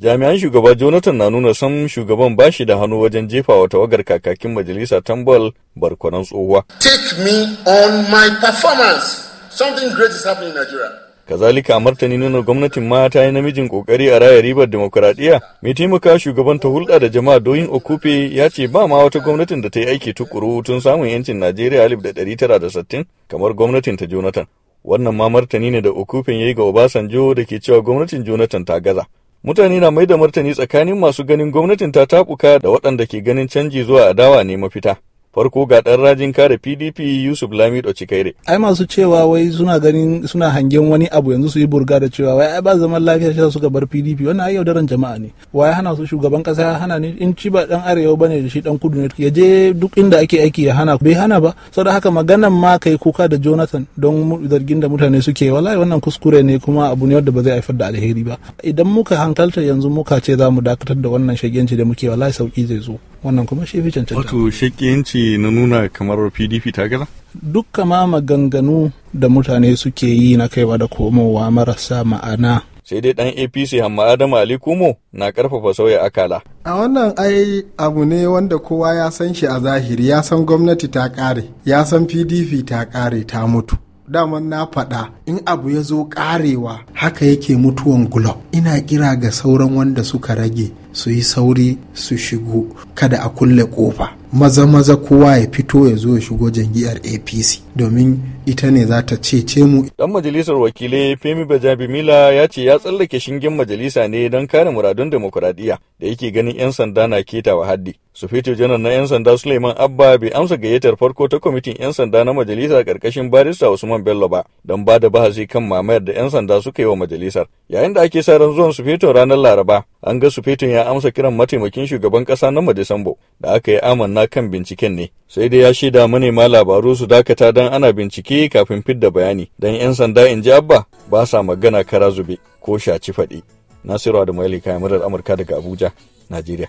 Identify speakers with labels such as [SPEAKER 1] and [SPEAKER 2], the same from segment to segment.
[SPEAKER 1] Jami'an shugaba Jonathan na nuna san shugaban ba shi da hannu wajen jefa wa tawagar kakakin majalisa tambal barkwanan tsohuwa. Take
[SPEAKER 2] me on my performance. Something great is happening in Nigeria.
[SPEAKER 1] kazalika a martani nuna gwamnatin ma ta yi namijin kokari a raya ribar demokuraɗiyya mai taimaka shugaban ta hulɗa da jama'a doyin okupe ya ce ba ma wata gwamnatin da ta yi aiki tukuru tun samun yancin najeriya alif da ɗari tara da sittin kamar gwamnatin ta jonathan wannan ma martani ne da okupen ya yi ga obasanjo da ke cewa gwamnatin jonathan ta gaza mutane na mai da martani tsakanin masu ganin gwamnatin ta tabuka da waɗanda ke ganin canji zuwa adawa ne mafita farko ga ɗan rajin kare pdp yusuf lamido cikaire
[SPEAKER 2] ai masu cewa wai suna ganin suna hangen wani abu yanzu su yi burga da cewa wai ai ba zaman lafiya shi suka bar pdp wannan ai yaudaran jama'a ne wai hana su shugaban kasa hana ne in ci ba dan arewa bane da shi dan kudu ne ya je duk inda ake aiki ya hana bai hana ba saboda haka maganan ma kai kuka da jonathan don zargin da mutane suke wallahi wannan kuskure ne kuma abu ne wanda ba zai haifar da alheri ba idan muka hankalta yanzu muka ce za mu dakatar da wannan shagenci da muke wallahi sauki zai zo wannan kuma shi fi cancanta
[SPEAKER 1] wato shakiyanci na nuna kamar pdp ta gaza
[SPEAKER 2] duk ma maganganu da mutane
[SPEAKER 3] suke yi na kaiwa da komowa marasa ma'ana
[SPEAKER 1] sai dai ɗan apc hamma adamu ali kumo na ƙarfafa sauya akala
[SPEAKER 3] a wannan ai abu ne wanda kowa ya san shi a zahiri ya san gwamnati ta ƙare, ya san pdp ta ƙare ta mutu daman na faɗa in abu ya zo ƙarewa haka yake mutuwan gulob ina kira ga sauran wanda suka rage su yi sauri su shigo kada a kulle ƙofa maza maza kowa ya fito ya zo ya shigo jam'iyyar apc domin ita ne za ta cece mu.
[SPEAKER 1] Dan majalisar wakilai Femi Bajabimila ya ce ya tsallake shingen majalisa ne don kare muradun demokuraɗiyya da yake ganin 'yan sanda na keta wa haddi. Sufeto janar na 'yan sanda Suleiman Abba bai amsa gayyatar farko ta kwamitin 'yan sanda na majalisa karkashin barista Usman Bello ba don ba da bahasi kan mamayar da 'yan sanda suka yi wa majalisar. Yayin da ake sa ran zuwan Sufeto ranar Laraba, an ga Sufeton ya amsa kiran mataimakin shugaban ƙasa na Madisambo da aka yi amanna kan binciken ne. sai dai ya shaida manema labaru su dakata don ana bincike kafin fidda bayani don 'yan sanda in ji abba ba sa magana kara zube ko shaci faɗi nasiru da mali kayan murar amurka daga abuja najeriya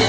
[SPEAKER 1] ya